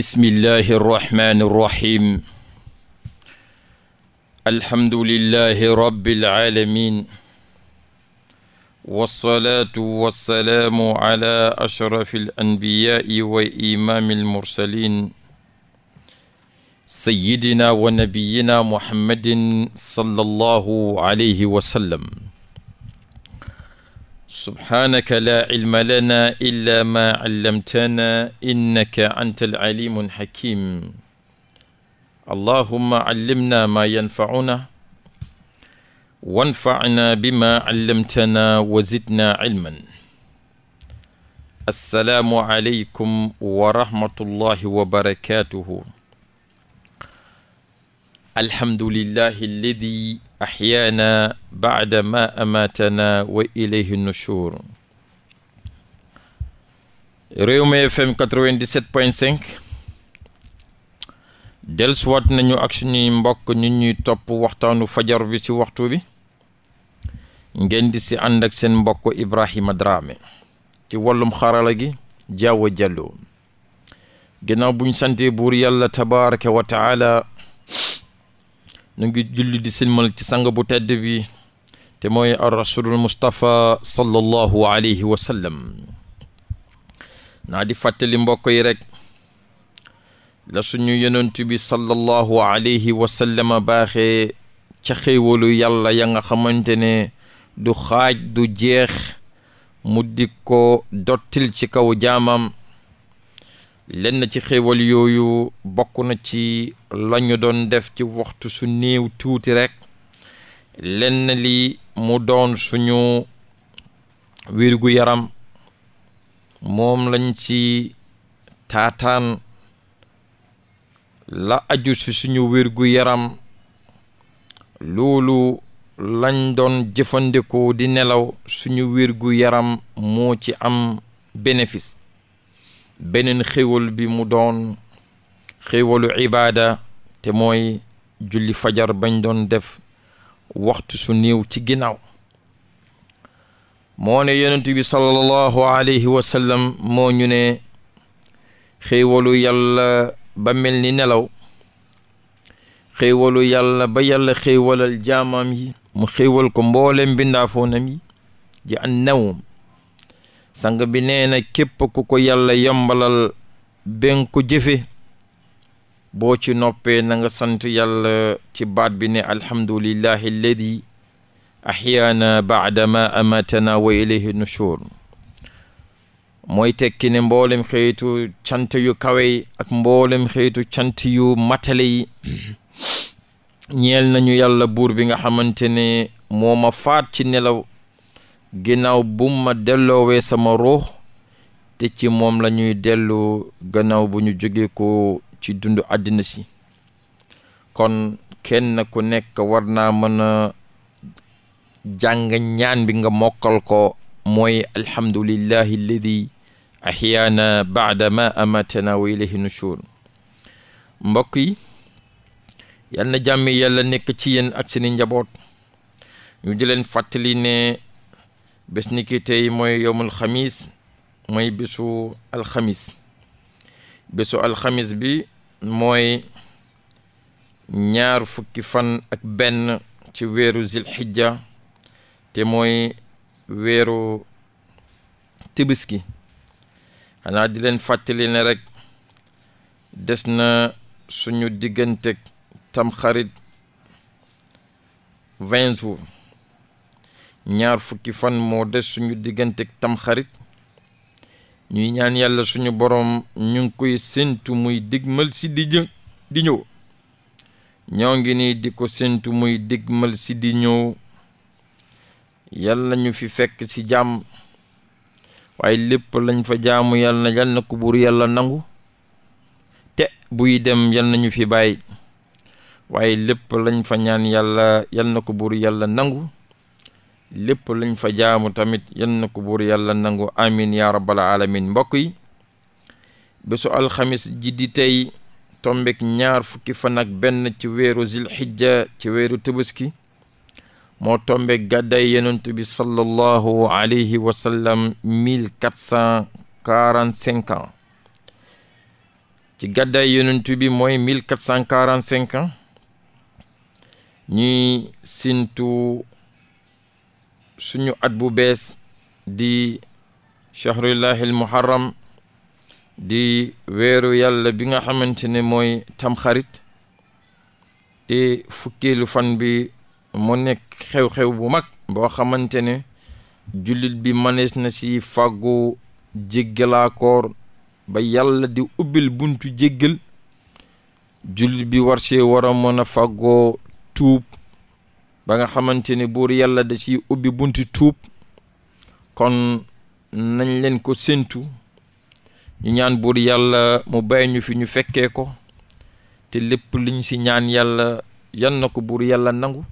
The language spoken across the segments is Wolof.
bismillahi irrahmani irrahim alhamdulillahi rabbil alamin wassalatu wassalaamu ala ashrafi alanbiyaai wa imami almursalin sayidina wa nabiyina muhammadin sallallahu alayhi wa sallam subhaanaka laa ilma lanaa illaa maa allamtanaa innaka antal aliimul hakiim allahumma allimnaa maa yanfa'unaa wanfa'naa bimaa allamtanaa wa zidnaa ilman assalaamu aleykum wa rahmatullaahi wa barakaatuhu alhamdulillaahi llazii axyaana baada ma amatana wa ilayhi nushur Rewmi FM 97.5 nañu ak suñuy mbokk ñu topp waxtaanu fajar bi ci waxtu bi ngeen di si ànd seen mbokk Ibrahima Dramé ci wallum xarala gi jaawa jàlloo ginnaaw buñ sante buur yàlla tabaraka wa ñu ngi julli di silmal ci sang bu tedd bi te mooy ar rasulul mustapha sallallahu alayhi naa di fàttali mbokk yi rek la suñu yonent bi sallallahu alayhi wa sallam baaxee ca xéewalu yàlla ya nga xamante ne du xaaj du jeex mu di ko dottil ci kaw jaamam lenn ci xéewal yooyu bokk na ci lañu doon def ci waxtu su néew tuuti rek lenn li mu doon suñu wirgu yaram moom lañ ci taataan la aju si suñu wirgu yaram loolu lañ doon jëfandikoo di nelaw suñu wirgu yaram moo ci am bénéfice beneen xéwal bi mu doon xéewalu ibaada te mooy julli fajar bañ doon def waxtu su néew ci ginnaaw moo ne yonent bi sallallahu alayhi wa moo ñu ne xéewalu yàlla ba mel ni nelaw xéewalu yàlla ba yàlla xéewalal jaamam yi mu xéewal ko mboolem bindaafoonam yi ji an nawum sang bi nee na ko yàlla yombalal ben ko boo ci noppee nanga nga sant yàlla ci baat bi ne alhamdulillahi alladi ahyaana baadama amatana wa ilayhi nushur mooy tekki ne mboolem xeetu cant yu kawe ak mboolem xeetu cant yu matale yi ñeel nañu yàlla buur bi nga xamante ne moo faat ci nelaw ginnaaw bu ma delloowee sama ruux te ci moom lañuy ñuy dellu gannaaw bu ñu jóge ko ci dundu àddina si kon kenn ku nekk war naa mën a jàng ñaan bi nga mokkal ko mooy alhamdulillahi alladi ahyaana baada ma amatana wa ilayhi nushur mbokk yi yal na jàmm yàlla nekk ci yéen ak seeni njaboot ñu di leen fàttali ne bés ni ki tey mooy yowmul xamis mooy bésu alxamis bésu alxamis bi mooy ñaar fukki fan ak benn ci weeru zilxijja te mooy weeru tibiski xanaa di leen fàttali ne rek des na suñu diggante tamxarit vingt jours ñaar fukki fan moo des suñu diggante tamxarit ñuy ñaan yàlla suñu boroom ñu ngi koy séentu muy digmal si di ñëw ñoo ngi nii di ko séentu muy digmal si di ñëw yàlla ñu fi fekk si jàmm waaye lépp lañ fa jaamu yàlla yal na ko buur yàlla nangu te buy dem yal na ñu fi bàyyi waaye lépp lañ fa ñaan yàlla yal na ko buur yàlla nangu lépp luñ fa jaamu tamit yan na ko buur yàlla nangu amin ya rabbal alamin mbokk yi bésu alxamis ji di tey tombek ñaar fukki fan benn ci weeru zilxijja ci weeru tëbaski moo tombek gàddaay yonent bi sallallahu alayhi wa mille quatre cent quarante cinq ans ci gàddaay yonent bi mooy mille quarante cinq ans ñuy sintu suñu at bu bees di chahrullahil muharram di weeru yàlla bi nga xamante ne mooy tamxarit te fukkeelu fan bi mu nekk xew-xew bu mag boo xamante ne jullit bi mënees na ci fàggu jéggalaakoor ba yàlla di ubbil buntu jéggal jullit bi war see war a mën tuub ba nga xamante ni buur yàlla da ci ubbi bunt tuub kon nañ leen ko séentu ñu ñaan buur yàlla mu bàyyi ñu fi ñu fekkee ko te lépp luñ ci ñaan yàlla yan na ko buur yàlla nangu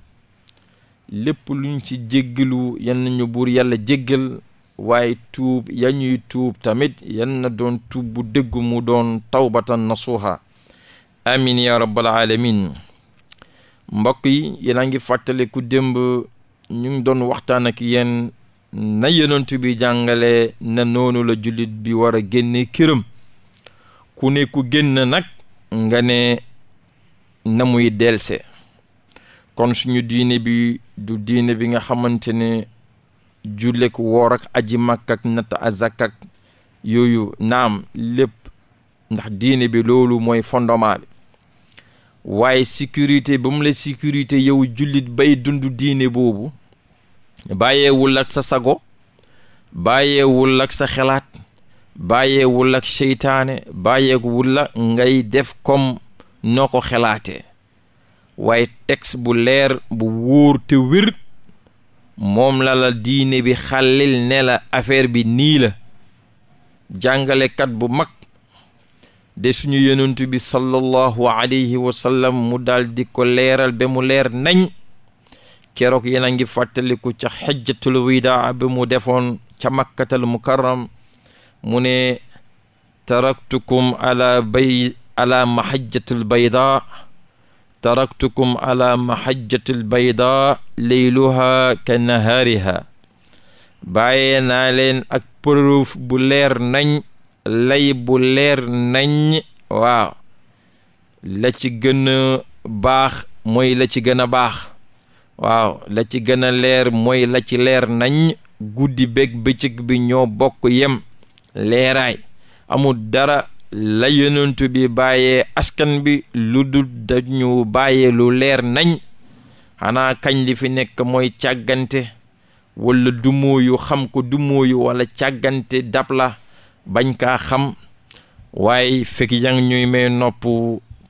lépp luñ ci jéggalu yan nañu buur yàlla jéggal waaye tuub ya ñuy tuub tamit yan na doon tuub bu dégg mu doon tawbatan nasuha amin ya rabbal alamin mbokk yi yéen a ngi fàttaliku démb ñu ngi doon waxtaan ak yéen na yonent bi jàngale na noonu la jullit bi war a génne këram ku ne ku génn nag nga ne na muy delse kon suñu diine bi du diine bi nga xamante ne julleek woor ak aji màkk ak natt azak ak yooyu naam lépp ndax diine bi loolu mooy fondement bi waaye sécurité ba la sécurité yow jullit bay dund diine boobu bàyyeewul ak sa sago bàyyeewul ak sa xalaat bàyyeewul ak seytaane bàyyeewul ak ngay def comme noo ko xalaatee waaye texte bu leer bu wóor te wér moom la la diine bi xàllil ne la affaire bi nii la jàngalekat bu mag de suñu yonent bi sallallahu alayhi wa mu daldi ko leeral ba mu leer nañ keroog yéen a ngi fàttaliku ca xajjatul widaa ba mu defoon ca makkatal mukarram mu ne taraktukum ala bay ala mahajjatul bayda taraktukum ala mahajjatul bayda leyluha ka nahaariha bàyyee naa ak preuve bu leer nañ lay bu leer nañ waaw la ci gën baax mooy la ci gën a baax waaw la ci gën a leer mooy la ci leer nañ guddi beeg bëccëg bi ñoo bokk yem leeraay amul dara la yonent bi bàyyee askan bi lu dul dañu bàyyee lu leer nañ xanaa kañ li fi nekk mooy càggante wala dumóoyu xam ko dumóoyu wala càggante dab la bañ kaa xam waaye fekk yang ñuy may nopp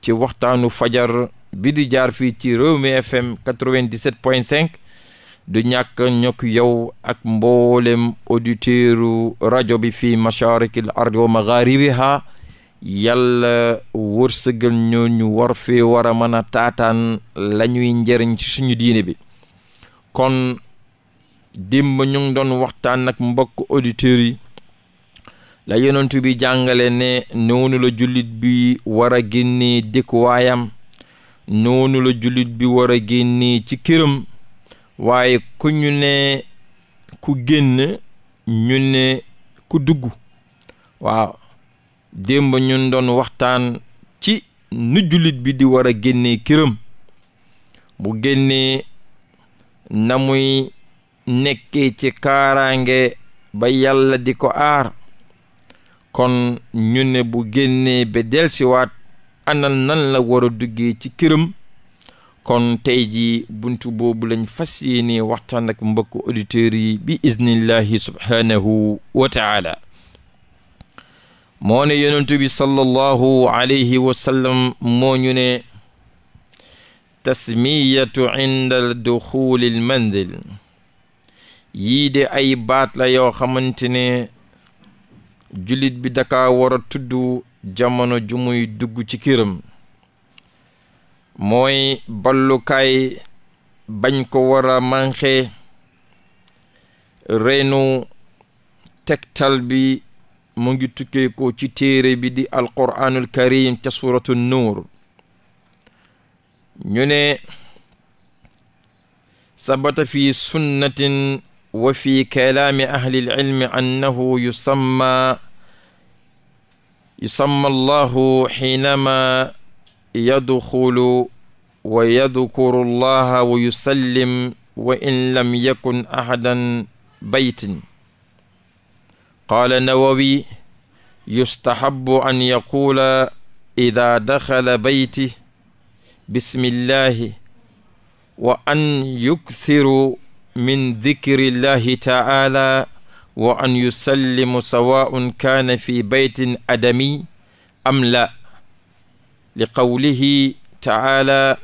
ci waxtaanu fajar bi di jaar fii ci Rewmi FM 97.5 du ñàkk ñokk yow ak mboolem auditeuru rajo bi fii masharikil ardi wa magharibiha yàlla wërsëgal ñoo ñu war fee war a mën a taataan la ñuy njëriñ ci suñu diine bi kon démb ñu ngi doon waxtaan ak mbokk auditeurs yi la bi jàngale ne noonu la bi war a génnee dëkkuwaayam noonu la bi war a génnee ci këram waaye ku ñu ne ku génn ñu ku dugg waaw démb ñun waxtaan ci nu jullit bi di war a génnee këram bu génnee na muy nekkee ci kaaraange ba yàlla di ko aar kon ñu ne bu génnee ba dellusiwaat anal nan la war a duggee ci këram kon tey jii buntu boobu lañ fas yéene waxtaan ak mbokku auditeurs yi bi iznillahi subhaanahu wa taala moo ne yonentu sallallahu alayhi wa sallam moo ñu ne tasmiyatu inda duxuuli manzil yii de ay baat la yoo xamante ne jullit bi daka war a tudd jamono ju dugg ci këram mooy ballukaay bañ ko war a manxe reenu tegtal bi mu ngi tukkee ko ci téere bi di alquraanul karim ca suratu nuur ñu sabata fi sunnatin wa fi kalaami ahli alilmi annahu yusamma yusamma allahu xiinama yadxulu wa yadkuru allaha wa yusallim wa in lam yakun ahadan baytin qaala nawawi yustahabu an yaquula ida daxala bayti bismillahi wa an yukthiru min dikri llahi taala wa an yusallimu sawaun kaana fi baytin adami am la li qawlihi taala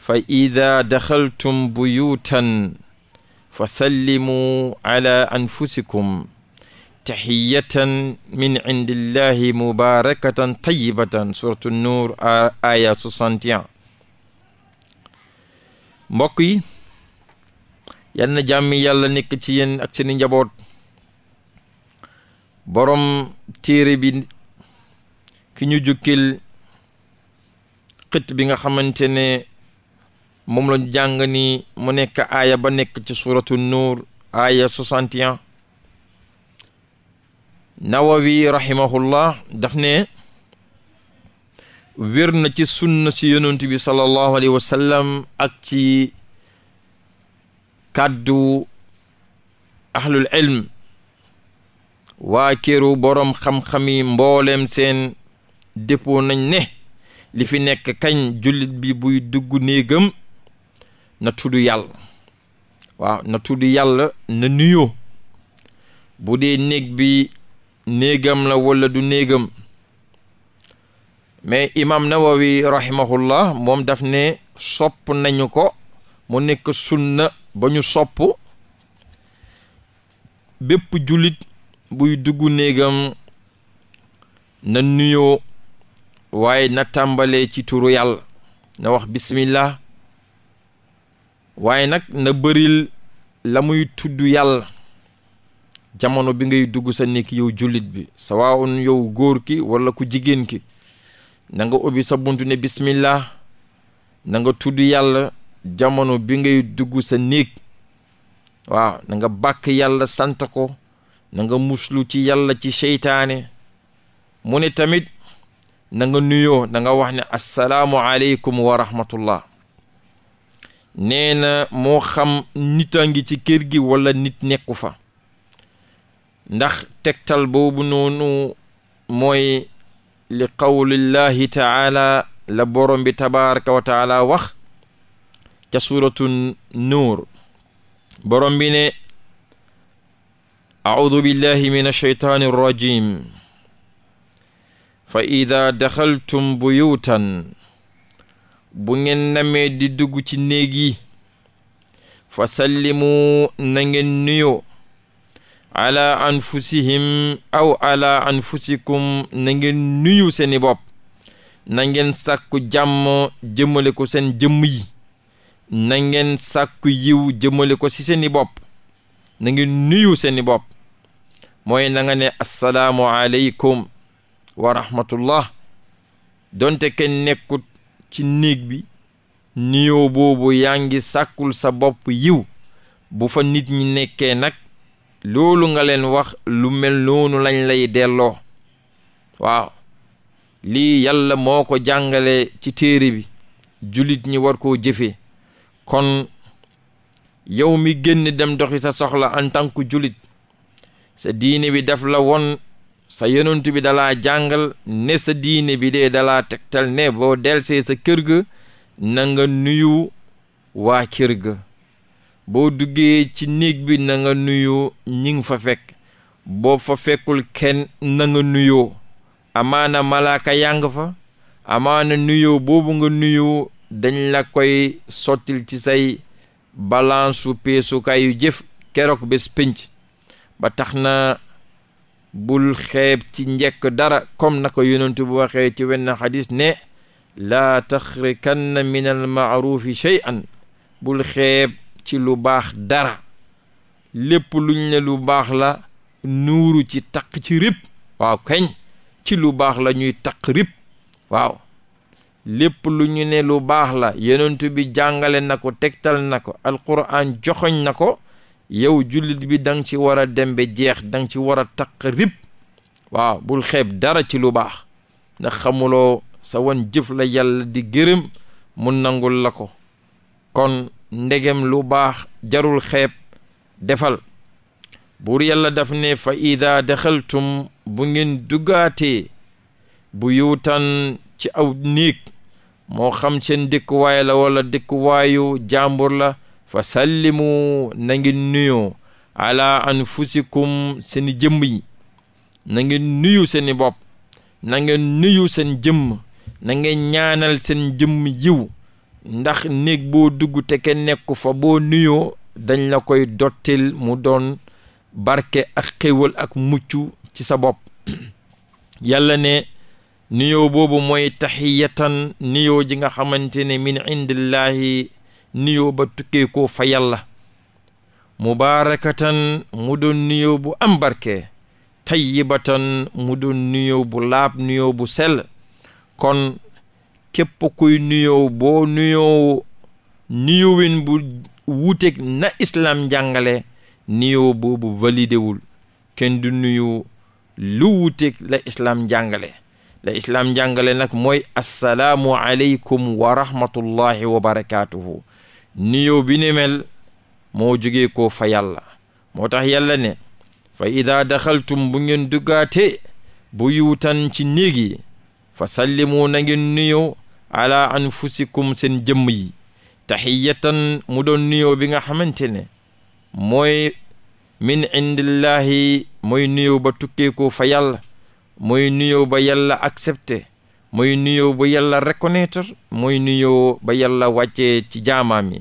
fa ida daxaltum buyuutan fa sallimuu ala anfusikum taxiyatan min indillahi mubarakatan tayibatan suratu nuur aya 61 mbokk yi yal na jàmmi yàlla nekk ci yenn ak seeni njaboot borom téere bi ki ñu jukkil xit bi nga xamante ne moom lañ jàng ni mu nekk aaya ba nekk ci suratu nuur aaya 61 nawawi rahimahullah daf ne wér na ci sunna si yonent bi sallallahu alayhi wa ak ci kàddu ahlul ilm waa këru boroom xam-xami mbooleem seen dëppoo nañ ne li fi nekk kañ jullit bi buy dugg néegam na tudd yàlla na tudd yàlla na nuyoo bu dee néeg bi néegam la walla du néegam mais imam nawawi rahimahullah moom daf ne sopp nañu ko mu nekk sunna ba ñu sopp bépp jullit buy dugg néegam na nuyoo waaye na tàmbalee ci turu yàlla na wax bismillah waaye nag na bëril la muy tudd yàlla jamono bi ngay dugg sa néeg yow jullit bi sawaaun yow góor ki walla ku jigéen ki na nga ubbi sa buntu ne bismillah na tudd yàlla jamono bi ngay dugg sa néeg waaw na bàkk yàlla sant ko na muslu ci yalla ci seytaane mu ne tamit na nga nuyoo na wax ne assalaamu aleykum wa rahmatullah nee na moo xam nit a ngi ci kër gi walla nit nekku fa ndax tegtal boobu noonu mooy li qawlillahi taala la borom bi tabaraka wa taala wax ca suuratu nuur borom bi ne audu billahi min alsheytaani arrajim fa ida daxaltum buyuutan bu ngeen namee di dugg ci néeg yi fa sallimu na ngeen nuyo ala anfusihim aw ala anfusikum na ngeen nuyu seeni bopp na ngeen sàkku jàmm jëmmale ko seen jëmm yi na ngeen sàkku yiw jëmale ko ci seeni bopp na ngeen nuyu seeni bopp mooy na ne assalaamu aleykum wa rahmatullah donte kenn nekkut ci néeg bi nuyoo boobu yaa ngi sàkkul sa bopp yiw bu fa nit ñi nekkee nag loolu nga leen wax lu mel noonu lañ lay delloo waaw lii yàlla moo ko jàngale ci téere bi julit ñi war koo jëfee kon yow mi génn dem doxi sa soxla en tant que jullit sa diine bi daf la won sa yonentu bi dalaa jàngal ne sa diine bi dee dalaa tegtal ne boo delsee sa kër ga nanga nuyu waa kër ga boo duggee ci néeg bi na nuyu ñi nga fa fekk boo fa fekkul kenn na nga nuyoo amaana malaaka yàng fa amaana nuyoo boobu nga nuyoo dañ la koy sottil ci say balansu peesukaayu jëf keroog bés pénc ba tax na bul xeeb ci njekk dara comme na ko yonentu bu waxee ci wenn xadis ne la taxrikanna min al maarufi shay'an bul xeeb ci lu baax dara lépp luñ ne lu baax la nuuru ci taq ci rib waaw kañ ci lu baax la ñuy taq rib waaw lépp lu ñu ne lu baax la yonent bi jàngale na ko tegtal na ko alquran joxoñ na ko yow jullit bi dang ci war a dem jeex dang ci war a taq rib waaw bul xeeb dara ci lu baax ndax xamuloo sa wan jëf la yàlla di gërëm mu nangul la ko kon ndegem lu baax jarul xeeb defal bur yàlla daf ne fa ida daxaltum bu ngeen duggaatee bu yuutan ci aw néeg moo xam seen dëkkuwaay la wala dëkkuwaayu jàmbur la fa sallimu na ngi nuyoo ala anfusikum seeni jëmm yi nangeen nuyu seeni bopp nangeen nuyu seen jëmm nangeen ñaanal seen jëmm yiw ndax néeg boo dugg te kenn nekku fa boo nuyoo dañ la koy dottil mu doon barke ak xéwal ak mucc ci sa bopp yàlla ne nuyoo boobu mooy taxiyatan nuyoo ji nga xamante ne min indillahi nuyoo ba tukkee fayalla fa yàlla mu doon nuyoo bu ambarke barke tayyibatan mu doon nuyoo bu laab nuyoo bu sell kon képp kuy nuyoo boo nuyoo nuyowin bu wuuteeg na islam jàngale nuyoo boobu validé kenn du nuyu lu wuuteeg la islam jàngale la islaam jàngale nag mooy assalaamu aleykum wa rahmatullahi wa barakaatuhu mel moo jógee ko fa yàlla moo tax yàlla ne fa ida daxaltum bu ngeen duggaate bu yuutan ci néeg yi fa sallimu na ngeen nuyoo ala anfusikum seen jëmm yi taxiyatan mu doon nuyoo bi nga xamante ne mooy min indillahi mooy nuyoo ba tukkee koo fa yàlla moy nuyoo ba yàlla accepté moy nuyoo ba yàlla reconnaître moy nuyoo ba yàlla wàccee ci jaamaam yi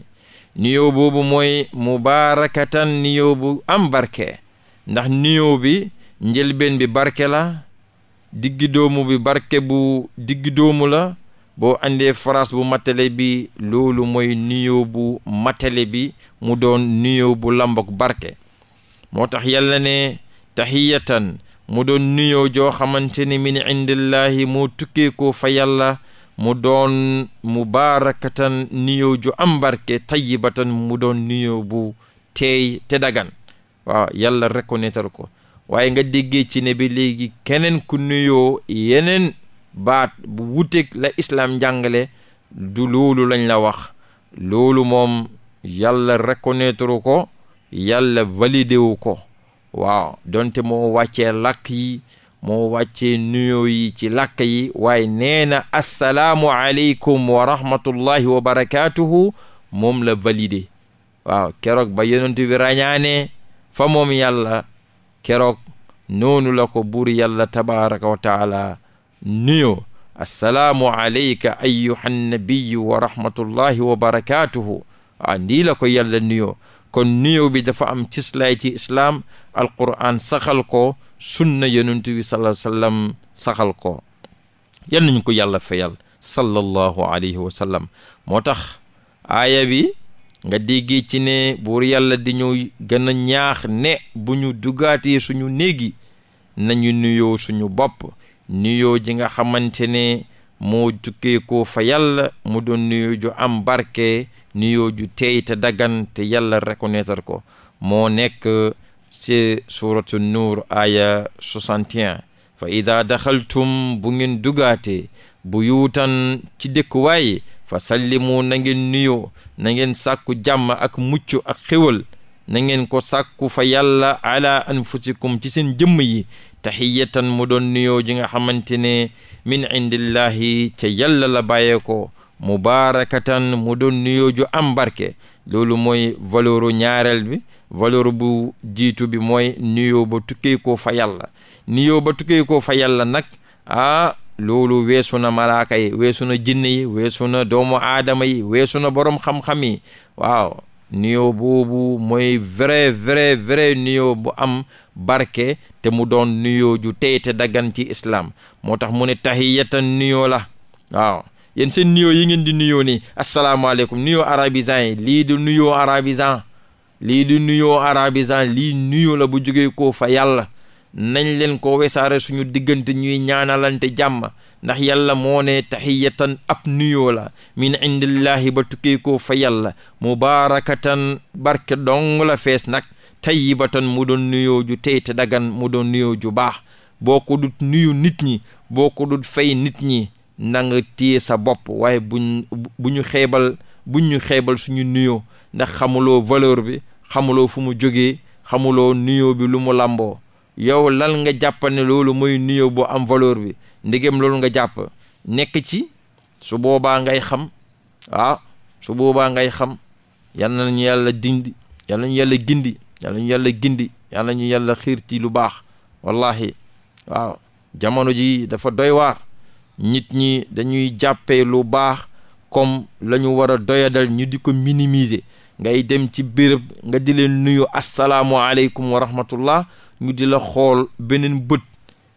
nuyoo boobu mooy mubaarakatan nuyoo bu am barke ndax nuyoo bi njëlbeen bi barke la diggi bi barke bu diggi la boo àndee phrase bu matale bi loolu mooy nuyoo bu bi mu doon nuyoo bu lambok barke moo tax yàlla ne tahiyatan mu doon nuyoo joo xamante ni min indillahi moo tukkee ko fa yàlla mu doon mubaarakatan nuyoo ju am barke tayyibatan mu doon nuyoo bu teey te dagan waaw yàlla reconnaître ko waaye nga déggee ci ne bi léegi keneen ku nuyoo yeneen baat bu wuteeg la islaam njàngale du loolu lañ la wax loolu moom yàlla reconnaître ko yàlla validé ko waaw donte moo wàccee làkk yi moo wàccee nuyo yi ci làkk yi waaye nee na assalaamu aleykum wa rahmatullahi wa moom la validé waaw keroog ba yonent bi ràñaane fa moom yàlla keroog noonu la ko buur yàlla tabaraka wa taala nuyoo assalaamu aleyka ayyuhan nabiyu wa rahmatullahi wa ndii la ko yàlla nuyoo kon nuyoo bi dafa am cislaay islaam alquran saxal ko sunna yonent bi sallam saxal ko yal nañu ko yàlla fayal sallallahu alayhi wa sallam moo tax aaya bi nga déggee ci ne buur yàlla di ñu gën ñaax ne bu ñu dugaatee suñu néegi nañu nuyoo suñu bopp nuyoo ji nga xamante ne moo tukkee ko fa mu doon nuyoo ju am barke nuyoo ju teey te daggan te yàlla reconnaître ko moo nekk ci suratu nuur aya 61 fa idaa daxaltum bu ngeen dugaate bu yuutan ci dëkkuwaay fa sallimu na ngeen nuyu na ngeen sàkku jàmm ak mucc ak xéwal na ngeen ko sakku fa yàlla ala anfusikum ci seen jëmm yi taxiyatan mu doon nuyoo ji nga xamante ne min indillahi ca yalla la bàyyee ko mubaarakatan mu doon nuyoo ju am barke loolu mooy valeuru ñaareel bi valeur bu jiitu bi mooy nuyoo ba tukkee koo fa yàlla nuyoo ba tukkee koo fa yàlla nag ah loolu weesu na malaaka yi weesu na jinne yi weesu na doomu aadama yi weesu na boroom xam yi waaw nuyoo boobu mooy vrai vrai vrai nuyoo bu am barke te mu doon nuyoo ju tey te daggan ci islaam moo tax mu ne tahiyatan nuyoo la waaw yenn seen nuyoo yi ngeen di nuyoo nii asalaamaaleykum nuyoo arabisan lii di nuyoo arabisan lii di nuyoo arabisan lii nuyoo la bu jógee koo fa yàlla nañ leen ko wesaare suñu diggante ñuy ñaanalante jàmm ndax yàlla moo ne taxiyatan ab nuyoo la min indillahi ba tukkee fa yàlla mubaarakatan barke dong fees nag tayyibatan mu doon nuyoo ju teyte dagan mu doon nuyoo ju baax boo ko dut nuyu nit ñi boo ko dut fay nit ñi na nga téye sa bopp waaye buñ bu ñu xeebal buñ ñu xeebal suñu nuyoo ndax xamuloo valeur bi xamuloo fu mu jógee xamuloo nuyoo bi lu mu làmboo yow lan nga jàpp ne loolu mooy nuyoo boo am valeur bi ndegem loolu nga jàpp nekk ci su boobaa ngay xam waaw ah, su boobaa ngay xam yal na ñu yàlla dindi yal na ñu yàlla gindi yal ñu yàlla gindi xiir ci lu baax wallahi waaw jamono ji dafa doy waar nit ñi dañuy jàppee lu baax comme la ñu war a doyadal ñu di ko minimiser ngay dem ci béréb nga di leen nuyu asalaamualeykum wa rahmatullah ñu di la xool beneen bët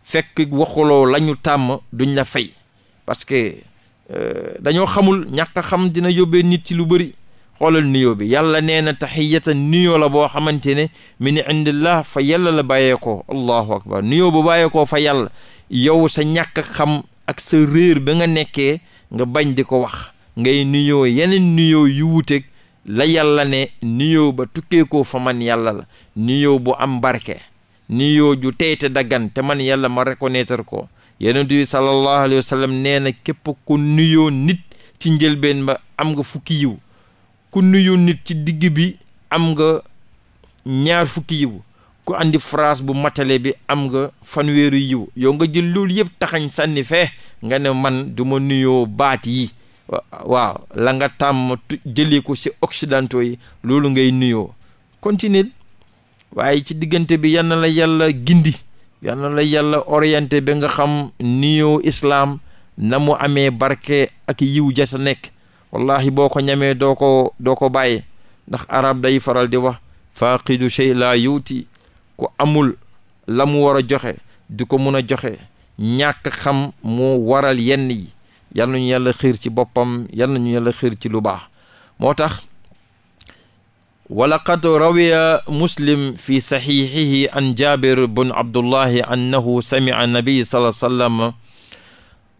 fekk waxuloo la ñu tàmm duñ la fay parce que euh, dañoo xamul ñàkk xam dina yóbbee nit ci lu bëri xoolal nuyoo bi yàlla nee na taxiyatan nuyoo la boo xamante ne min indillah fa yàlla la bàyyeekoo allahu akbar nuyoo bu bàyyeekoo fa yàlla yow sa ñàkk xam ak sa réer bi nga nekkee nga bañ di ko wax ngay nuyoo yeneen nuyoo yu wuuteeg la yàlla ne nuyoo ba tukkeekoo fa man yàlla la nuyoo bu am barke nuyoo ju tey te daggan te man yàlla ma reconnaître ko yonent bi sallallahu alayhi wa sallam nee na képp ku nuyoo nit ci njëlbeen ba am nga fukki yiw ku nuyoo nit ci digg bi am nga ñaar fukki yiw ku andi phrase bu matale bi am nga fanweeru yiw yow nga jël loolu yëpp taxañ sànni fee nga ne man du ma nuyoo baat yi waaw la nga tàmm jëlee ko ci occidentaux yi loolu ngay nuyoo continuer waaye ci diggante bi yan na la yàlla gindi yal na la yàlla orienté ba nga xam nuyoo islaam na mu amee barke ak yiw ja sa nekk wallahi boo ko ñamee doo ko doo ko bàyyi ndax arab day faral di wax faaqidu shay laa yuuti ku amul la mu war a joxe di ko mun a joxe ñàkk xam mu waral yenn yi yal nañu xiir ci boppam yal nañu yàlla xiir ci lu baax moo tax wala rawiya muslim fi saxiixihi an jaabir bun abdullahi annahu sami'a nabi sallallahu alayhi wa sallam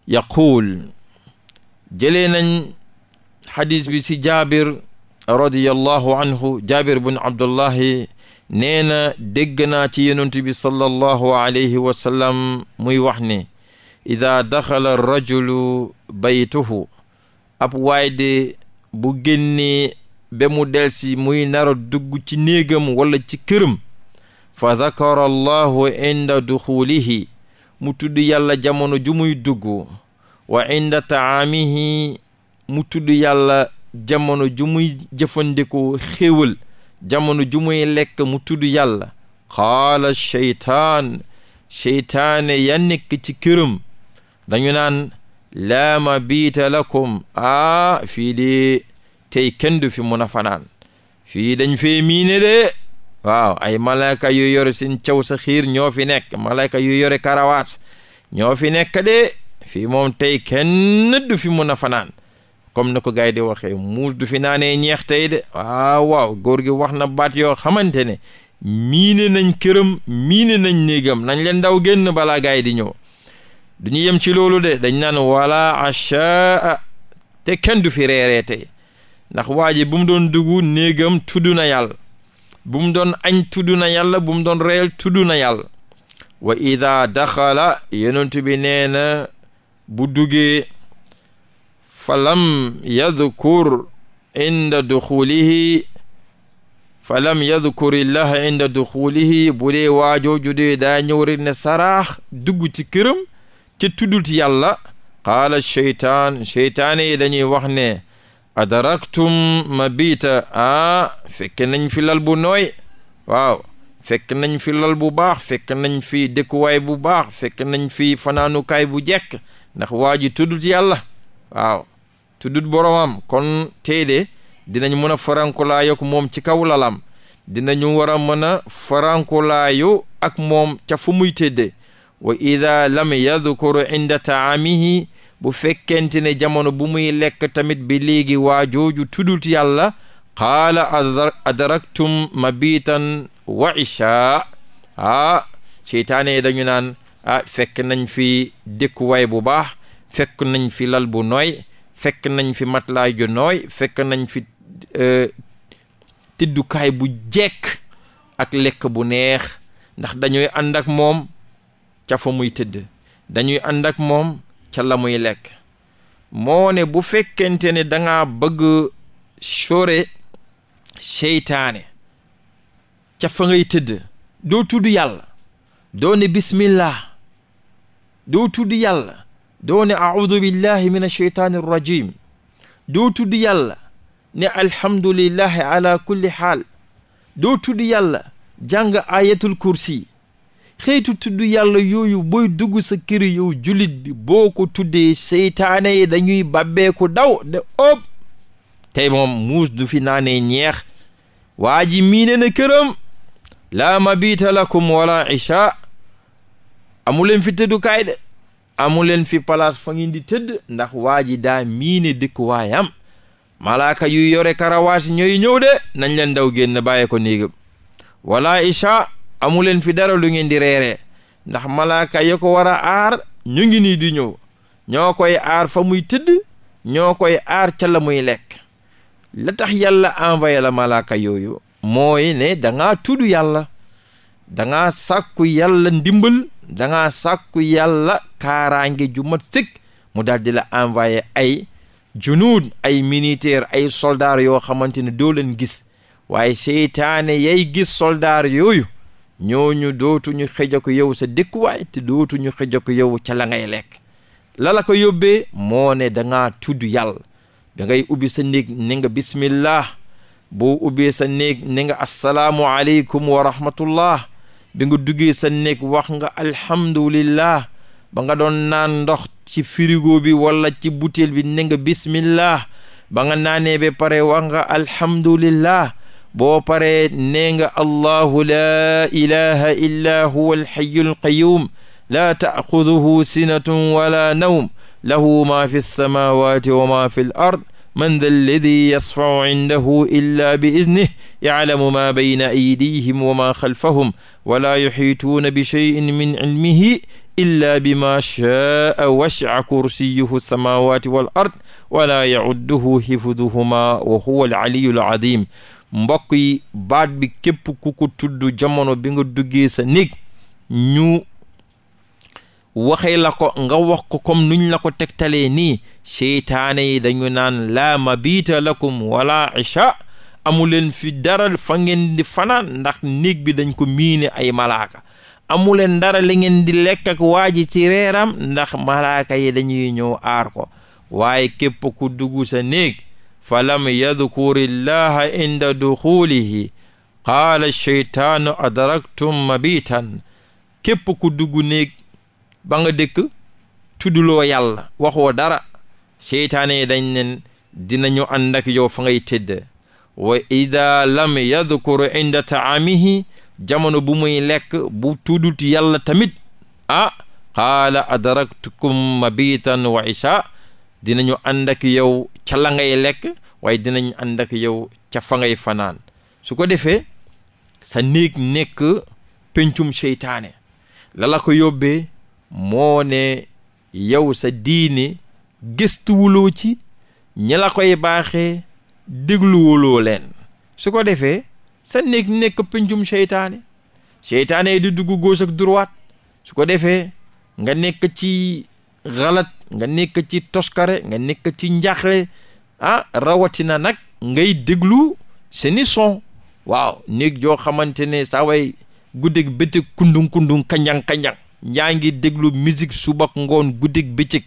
yaquul jëlee nañ xadis bi bun abdullahi nee na dégg naa ci yonent bi sallallahu alayhi wa sallam muy wax ni ida daxala rajulu baytuhu ab waay de bu génnee ba mu delsi muy nara dugg ci néegam walla ci këram fa dakara allahu inda duxulihi mu tudd yàlla jamono ju muy dugg wa inda taamihi mu tudd yàlla jamono ju muy jëfandikoo xéewal jamono ju muy lekk mu tudd yàlla xaala cheytaan cheytaane ya nekk ci këram dañu naan laa mabiita lakum aa fii de tey kenn du fi mun a fanaan fii dañ fee miine de waaw ay malayka yu yore seen caw sa xiir ñoo fi nekk malayka yu yore karawaas ñoo fi nekk de moom tey kenn fi mun a fanaan comme na ko gars waxe di waxee muus du fi naanee ñeex tey de waaw waaw góor gi wax na baat yoo xamante ne miine nañ këram miine nañ néegam nañ leen daw génn balaa gars di ñëw du ñu yem ci loolu de dañ naan wala achaa te kenn du fi reeree tey ndax waa ji bu mu doon dugg néegam tudd na yàlla bu doon añ tudd na yàlla bu mu doon reel tudd na yàlla wa ida daxala yonent bi nee na bu duggee fa lam yadkur inda duxulihi fa lam yadkur illaha inda duxulihi bu dee waajooju dee daa ñëw saraax dugg ci këram te tuddul ci yàlla qaala cheytaan cheytaane yi dañuy wax ne adaraktum mabita ah fekk nañ fi lal bu nooy waaw fekk nañ fi lal bu baax fekk nañ fi dëkkuwaay bu baax fekk nañ fi fanaanukaay bu jekk ndax waaji ji tuddul waaw tuddut boromam kon tey de dinañ mën a farankulaayo ak moom ci kaw lalam dinañu war a mën a farankulaayo ak moom ca fu muy tëdde wa ida lam yadkuru inda taamihi bu fekkente ne jamono bu muy lekk tamit bi léegi waa jooju tuddut yàlla qaala ma biitan wa isha ah seytaane dañu naan ah fekk nañ fi dëkkuwaay bu baax fekk nañ fi lal bu noy fekk nañ fi matlaay ju nooy fekk nañ fi euh, tëddukaay bu jekk ak lekk bu neex ndax dañuy ànd ak moom ca fa muy tëdd dañuy ànd ak moom ca la muy lekk moo ne bu fekkente ne danga bëgg sore seytaane ca fa ngay tëdd doo tudd yàlla doo ne bismillah doo tudd yàlla doo ne audu billahi min asheytaani rajim doo tudd yàlla ne alhamdulillahi ala kulli xaal doo tudd yàlla jàng ayatul kursi xëytu tudd yàlla yooyu booy dugg sa yow jullit bi boo ko tuddee seytaane yi dañuy bàbbeeku daw ne ëpp tey moom muus du fi naanee ñeex waa ji miine na këram laa mabiita lakum wala isha amuleen fi tëddukaay de amuleen fi palaas fa ngeen di tëdd ndax waa ji daa miine dëkkuwaayam malaaka yu yore karawaas ñooy ñëw de nañ leen daw génn bàyyi ko néegam wala isha amuleen fi dara lu ngeen di reere ndax malaaka ya ko war a aar ñu ngi nii di ñëw ñoo koy aar fa muy tëdd ñoo koy aar ca la muy lekk la tax yàlla envoyé la malaaka yooyu mooy ne da ngaa tudd yàlla da ngaa sàkku danga ngaa sàkku yàlla kaaraange ju mat sëkk mu daal di la envoyé ay junuud ay militaire ay soldaar yoo xamante ne doo gis waaye seytaane yay gis soldaar yooyu ñooñu dootuñu xëj ko yow sa dëkkuwaay te dootuñu xëj ko yow ca la ngay lekk la la ko yóbbee moo ne da ngaa tudd yàlla da ngay ubbi sa néeg ni nga bismillah boo ubbi sa néeg ni nga asalaamu aleykum wa rahmatullah bi nga duggee sa néeg wax nga alhamdulillah ba nga doon naan ndox ci frigo bi walla ci butéel bi ne bismillah ba nga naanee ba pare wax nga alhamdulillah boo paree nee nga allahu laa ilaha illa huwa alxayu alqayum laa taaxuduhu sinatun wala nawm lahu ma fi lsamawati wa ma fi ard man da alladi yasfaau indahu illa bi idnih yaalamu ma bayna aydihim wa ma xalfahum wala yuxiituuna bi cheyin min cilmihi illa bima chaa wasca kursiyuhu alsamawati wal ard wala yacudduhu xifduhuma wa huwa alcaliyu alcadim mbokk yi baat bi képp ku ko tudd jamono bi nga duggee sa néeg ñu waxee la ko nga wax ko comme nuñ la ko tegtalee nii seytaane yi dañu naan laa mabiita lakum wala isha amuleen fi dara fa ngeen di fanaan ndax néeg bi dañ ko miine ay malaaka amuleen ndara li ngeen di lekk ak waaji ci reeram ndax malaaka yi dañuy ñëw aar ko waaye képp ku dugg sa néeg falam yadkurillaha inda duxuulihi qaala sheytaanu adraktum mabitan képp ku dugg néeg ba nga dëkk tuduloo yàlla waxoo dara seytaane yi dañ nen dinañu ànd ak yow fa ngay tëdd ida lam yadkuru inda taamihi jamono bu muy lekk bu tuddut yalla tamit ah qaala adaraktukum mabitan wa isha dinañu ànd ak yow ca la ngay lekk waaye dinañ ànd ak yow ca fa ngay fanaan su ko defee sa néeg nekk pencum seytaane lala ko yóbbee moo ne yow sa diine gëstuwuloo ci ñi la koy baaxee dégluwuloo leen su ko defee sa nekk nekk pencum seytaane seytaane yi di dugg gauche ak droite su ko defee nga nekk ci xalat nga nekk ci toskare nga nekk ci njaaxle ah rawatina nag ngay déglu seeni son waaw néeg joo xamante ne saa way guddeeg bëccëg kundung kanjang kanjang yaa ngi déglu musique suba ak ngoon guddik bëccëg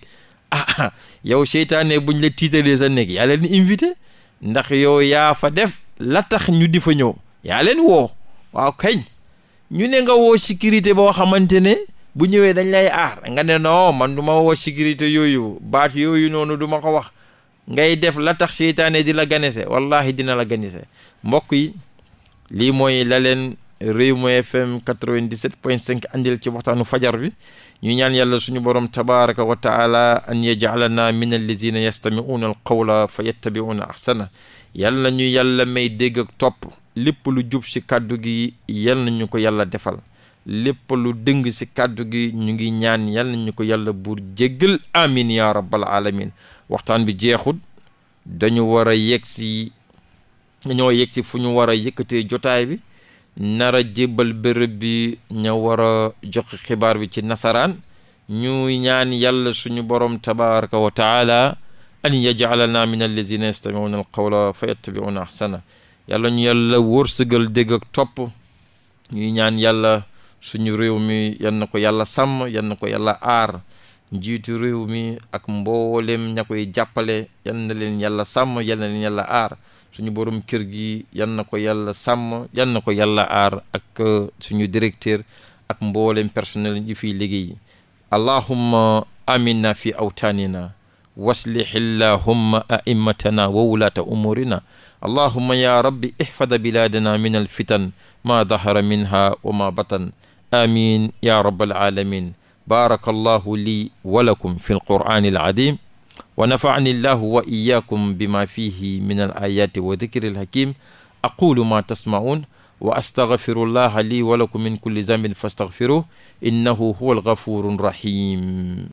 ah, ah yow seytaane buñ la tiitalee sa néeg yaa leen invité ndax yow yaa fa def la tax ñu di fa ñëw yaa leen woo waaw kañ ñu ne nga woo sécurité boo xamante ne bu ñëwee dañ lay aar nga ne non man du ma woo sécurité yooyu baat yooyu noonu duma ko wax ngay def la tax seytaane di la ganese wallahi dina la ganese mbokk yi lii mooy la leen Rewmi FM 97.5 andil ci waxtaanu fajar bi ñu ñaan yàlla suñu borom tabaraka wa taala an yajalana min allazina yastami'una alqawla fa yattabi'una ahsana yal na ñu yàlla may dégg topp lépp lu jub ci kàddu gi yal na ñu ko yàlla defal lépp lu dëng si kàddu gi ñu ngi ñaan yal ñu ko yàlla buur jéggal amin ya rabbal alamin waxtaan bi jeexul dañu war a yegg si ñoo yegg si fu ñu war a yëkkatee jotaay bi nara jébbal bërëb bi ña war a joxe xibaar bi ci nasaraan ñu ñaan yàlla suñu borom tabaraka wa taala an yajalana min allazina yastamiuna alqawla fa yattabiuna ahsana yàlla ñu yàlla wërsëgal dégg topp ñu ñaan yàlla suñu réew mi yal na ko yàlla sàmm yal na ko yàlla aar njiitu réew mi ak mboolem ña koy jàppale yal leen yàlla sàmm yal na leen yàlla aar suñu borom kër gi yan na ko yàlla sàmm yan na ko yàlla aar ak uh, suñu directeur ak mboolem personnel yi fiy liggéey allahumma amina fi awtaanina waslih illahumma aimmatana wa wulaata umurina ya rabbi ihfada biladana min alfitan ma dahara minha wa ma batan amin ya rabbal alamin baraka allahu li wa fi alqur'ani alazim wa nafaani llahu wa iyakum bima fihi min al ayati wa dikri al hakim aqulu ma tasmaun wa astaghfiru llaha li wa lakum min kulli zambin fastaghfiruh innahu huwa al ghafuru rahim